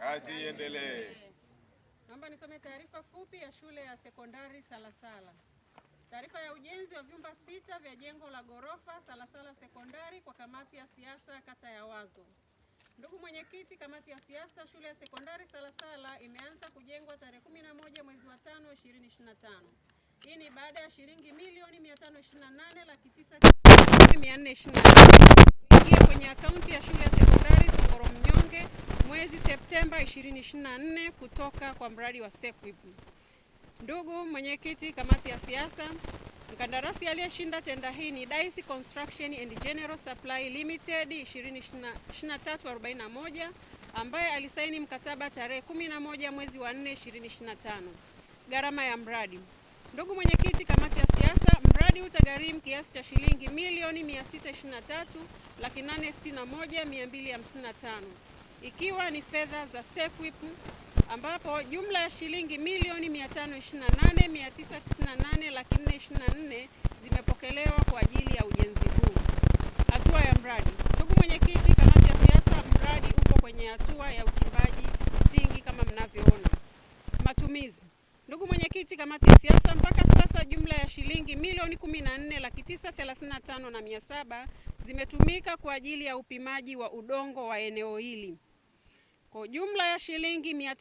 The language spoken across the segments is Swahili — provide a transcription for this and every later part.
Kazi iendelee. Naomba nisome taarifa fupi ya shule ya sekondari Salasala. Taarifa ya ujenzi wa vyumba sita vya jengo la ghorofa Salasala sekondari kwa kamati ya siasa kata ya Wazo. Ndugu mwenyekiti, kamati ya siasa shule ya sekondari Salasala imeanza kujengwa tarehe 11 mwezi wa 5 2025. Hii ni baada ya shilingi milioni 528 laki 9 Septemba 2024 kutoka kwa mradi wa SEQUIP. Ndugu mwenyekiti kamati ya siasa, mkandarasi aliyeshinda tenda hii ni Daisy Construction and General Supply Limited 2341 ambaye alisaini mkataba tarehe 11 mwezi wa 4 2025. Gharama ya mradi. Ndugu mwenyekiti kamati ya siasa, mradi utagharimu kiasi cha shilingi milioni 623 laki 861 255 ikiwa ni fedha za SEQUIP ambapo jumla ya shilingi milioni 528,998,424 zimepokelewa kwa ajili ya ujenzi huu. Hatua ya mradi. Ndugu mwenyekiti, kamati ya siasa, mradi uko kwenye hatua ya uchimbaji msingi kama mnavyoona. Matumizi. Ndugu mwenyekiti, kamati ya siasa, mpaka sasa jumla ya shilingi milioni 14,935,700 zimetumika kwa ajili ya upimaji wa udongo wa eneo hili kwa jumla ya shilingi mia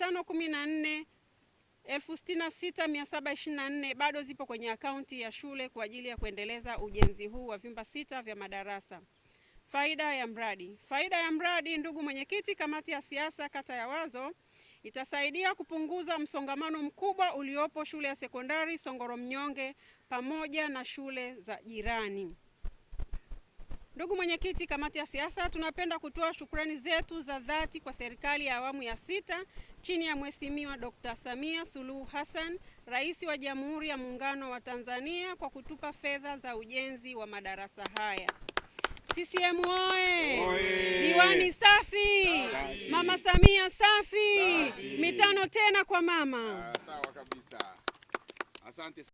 bado zipo kwenye akaunti ya shule kwa ajili ya kuendeleza ujenzi huu wa vyumba sita vya madarasa. Faida ya mradi. Faida ya mradi, ndugu mwenyekiti, kamati ya siasa kata ya Wazo itasaidia kupunguza msongamano mkubwa uliopo shule ya sekondari Songoro Mnyonge pamoja na shule za jirani. Ndugu mwenyekiti kamati ya siasa, tunapenda kutoa shukrani zetu za dhati kwa serikali ya awamu ya sita chini ya Mheshimiwa Dr. Samia Suluhu Hassan, Rais wa Jamhuri ya Muungano wa Tanzania kwa kutupa fedha za ujenzi wa madarasa haya. CCM oye! Diwani safi! Sahi. Mama Samia safi! Sahi. Mitano tena kwa mama. Ah, sawa kabisa. Asante.